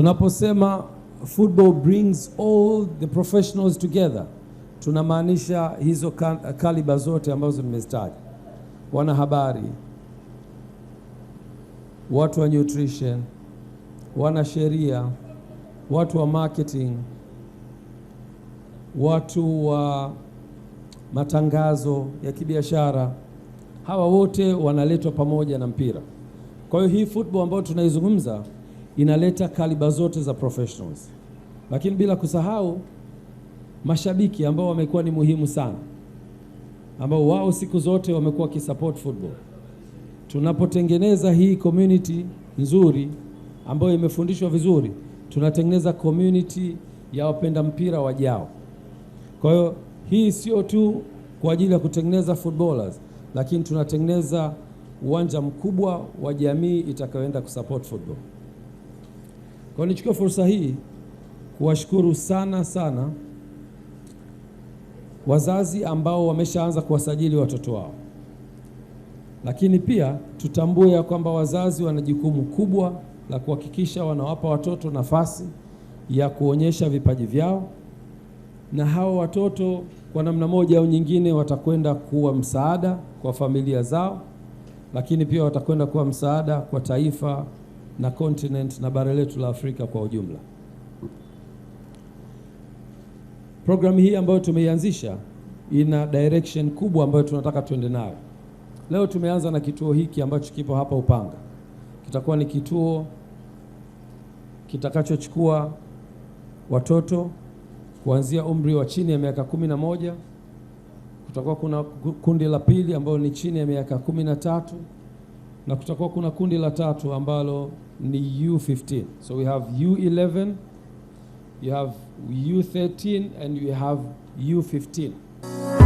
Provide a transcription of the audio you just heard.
Tunaposema football brings all the professionals together, tunamaanisha hizo kaliba zote ambazo nimezitaja: wanahabari, watu wa nutrition, sheria watu wa marketing, watu wa matangazo ya kibiashara. Hawa wote wanaletwa pamoja na mpira. Kwa hiyo hii football ambayo tunaizungumza inaleta kaliba zote za professionals, lakini bila kusahau mashabiki ambao wamekuwa ni muhimu sana, ambao wao siku zote wamekuwa wakisupport football. Tunapotengeneza hii community nzuri ambayo imefundishwa vizuri, tunatengeneza community ya wapenda mpira wajao. Kwa hiyo hii sio tu kwa ajili ya kutengeneza footballers, lakini tunatengeneza uwanja mkubwa wa jamii itakayoenda kusupport football. Kwa nichukua fursa hii kuwashukuru sana sana wazazi ambao wameshaanza kuwasajili watoto wao, lakini pia tutambue ya kwamba wazazi wana jukumu kubwa la kuhakikisha wanawapa watoto nafasi ya kuonyesha vipaji vyao, na hawa watoto kwa namna moja au nyingine watakwenda kuwa msaada kwa familia zao, lakini pia watakwenda kuwa msaada kwa taifa na continent na bara letu la Afrika kwa ujumla. Programu hii ambayo tumeianzisha ina direction kubwa ambayo tunataka tuende nayo. Leo tumeanza na kituo hiki ambacho kipo hapa Upanga. Kitakuwa ni kituo kitakachochukua watoto kuanzia umri wa chini ya miaka kumi na moja. Kutakuwa kuna kundi la pili ambalo ni chini ya miaka kumi na tatu na kutakuwa kuna kundi la tatu ambalo ni U15. So we have U11, you have U13 and you have U15.